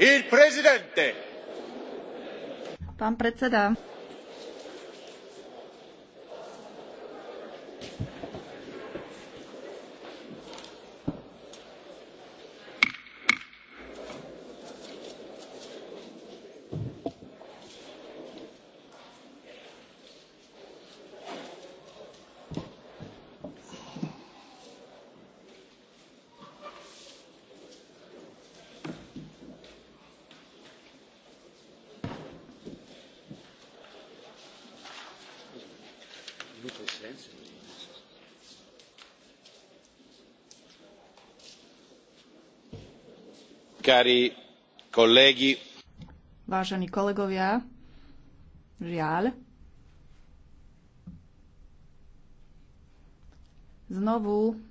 Il presidente. Pán predseda. Cari colleghi. Vážení kolegovia, žiaľ. Znovu